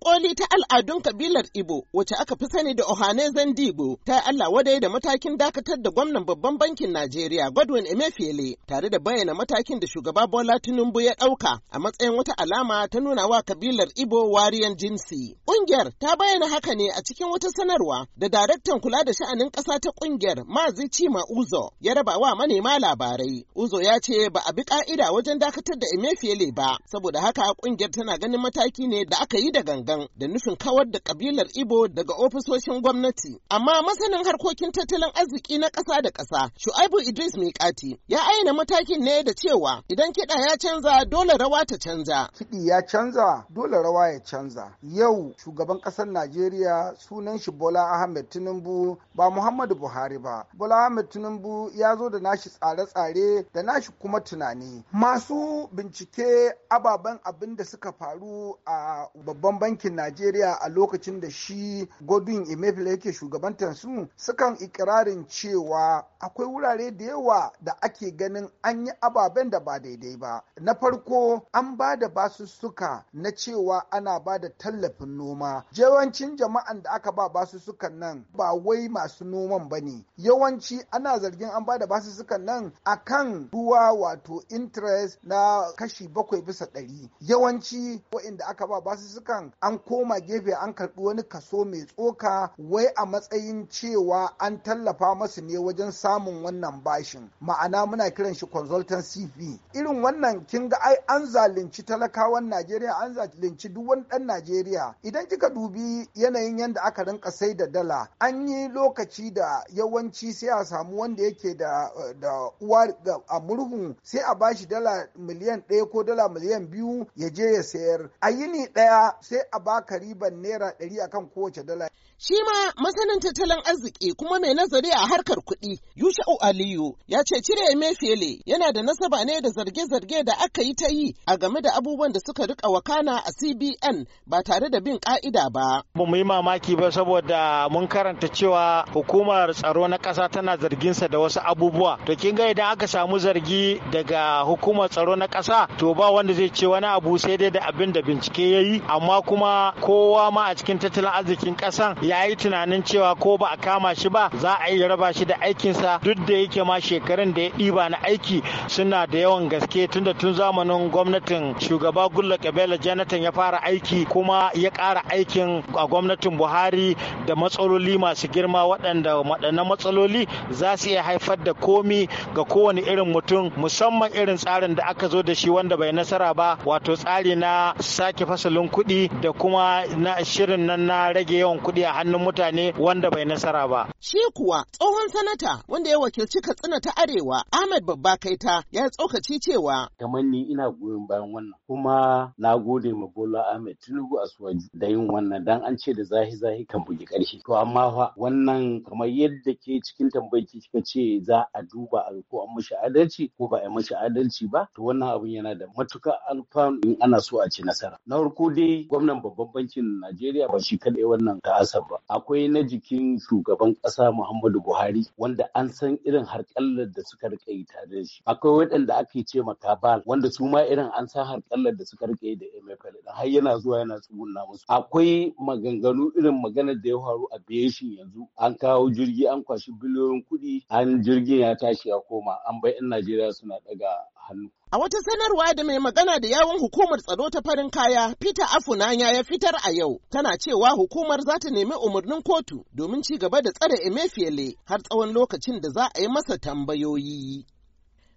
Ƙungiyar ta al'adun kabilar Ibo, wacce aka fi sani da Ohane Zandibo ta Allah wadai da matakin dakatar da gwamnan babban bankin Najeriya Godwin Emefiele, tare da bayyana matakin da shugaba Bola Tinubu ya ɗauka a matsayin wata alama ta nuna wa kabilar Ibo wariyan jinsi. Ƙungiyar ta bayyana haka ne a cikin wata sanarwa da daraktan kula da sha'anin ƙasa ta ƙungiyar Mazi Chima Uzo ya raba wa manema labarai. Uzo ya ce ba a bi ƙa'ida wajen dakatar da Emefiele ba, saboda haka ƙungiyar tana ganin mataki ne da aka yi da ganga. gangan da nufin kawar da kabilar Ibo daga ofisoshin gwamnati. Amma masanin harkokin tattalin arziki na ƙasa da ƙasa, Shu'aibu Idris Mikati, ya aina matakin ne da cewa idan kiɗa ya canza dole rawa ta canza. Kiɗi ya canza dole rawa ya canza. Yau shugaban ƙasar Najeriya sunan shi Bola Ahmed Tinubu ba Muhammadu Buhari ba. Bola Ahmed Tinubu ya zo da nashi tsare-tsare da nashi kuma tunani. Masu bincike ababen abin da suka faru a babban banki bankin najeriya a lokacin da shi godwin emefiele yake shugabantar su sukan ikirarin cewa akwai wurare da yawa da ake ganin an yi ababen da ba daidai ba na farko an ba da basussuka na cewa ana ba da tallafin noma yawancin jama'an da aka ba basussukan nan ba wai masu noman ba ne yawanci ana zargin an ba da basussukan nan a kan ruwa wato interest na kashi bakwai bisa ɗari yawanci waɗanda aka ba basussukan an koma gefe an karɓi wani kaso mai tsoka wai a matsayin cewa an tallafa masu ne wajen samun wannan bashin ma'ana muna kiran shi consultancy CV. irin wannan kin ga ai an zalunci talakawan najeriya an zalunci duk wani ɗan najeriya idan kika dubi yanayin yadda aka rinka sai da dala an yi lokaci da yawanci sai a samu wanda yake da da uwa a murhu sai a bashi dala miliyan ɗaya ko dala miliyan biyu ya je ya sayar a yini ɗaya sai a baka riban naira ɗari akan kowace dala. Shi ma masanin tattalin arziki kuma mai nazari a harkar kuɗi Yusha'u Aliyu ya ce cire Emefiele yana da nasaba ne da zarge-zarge da aka yi ta yi a game da abubuwan da suka rika wakana a CBN ba tare da bin ƙa'ida ba. Ba mu yi mamaki ba saboda mun karanta cewa hukumar tsaro na ƙasa tana zarginsa da wasu abubuwa. To kin ga idan aka samu zargi daga hukumar tsaro na ƙasa to ba wanda zai ce wani abu sai dai da abin da bincike ya yi amma kuma kuma kowa ma a cikin tattalin arzikin ƙasan ya yi tunanin cewa ko ba a kama shi ba za a iya raba shi da aikinsa duk da yake ma shekarun da ya ɗiba na aiki suna da yawan gaske tunda tun zamanin gwamnatin shugaba gulla kabela janatan ya fara aiki kuma ya ƙara aikin a gwamnatin buhari da matsaloli masu girma waɗanda waɗannan matsaloli za su iya haifar da komi ga kowane irin mutum musamman irin tsarin da aka zo da shi wanda bai nasara ba wato tsari na sake fasalin kuɗi da kuma na shirin nan na rage yawan kuɗi a hannun mutane wanda bai nasara ba. Shi kuwa tsohon sanata wanda ya wakilci Katsina ta Arewa Ahmed Babba Kaita ya tsokaci cewa. Kamar ni ina goyon bayan wannan kuma na gode ma Bola Ahmed Tinubu Asuwaji da yin wannan dan an ce da zahi zahi kan bugi ƙarshe. To amma fa wannan kamar yadda ke cikin tambayi kika ce za a duba a ko an mishi adalci ko ba a mishi adalci ba to wannan abin yana da matuƙar alfanu in ana so a ci nasara. Na farko dai gwamnan babban bankin Najeriya ba shi kaɗai wannan ta'asar ba. Akwai na jikin shugaban ƙasa Muhammadu Buhari wanda an san irin harƙallar da suka rike yi tare da shi. Akwai waɗanda ake ce ma Kabal wanda su ma irin an san harƙallar da suka rike yi da MFL ɗin har yana zuwa yana tsugunna musu. Akwai maganganu irin maganar da ya faru a Beshin yanzu an kawo jirgi an kwashi biliyoyin kuɗi an jirgin ya tashi ya koma an bai 'yan Najeriya suna ɗaga hannu. A wata sanarwa da mai magana da yawon hukumar tsaro ta farin kaya Peter Afunanya ya fitar a yau tana cewa hukumar za ta nemi umarnin kotu domin ci gaba da tsare Emefiele har tsawon lokacin da za a yi masa tambayoyi.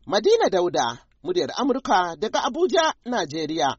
Madina Dauda, muryar Amurka daga Abuja, Najeriya.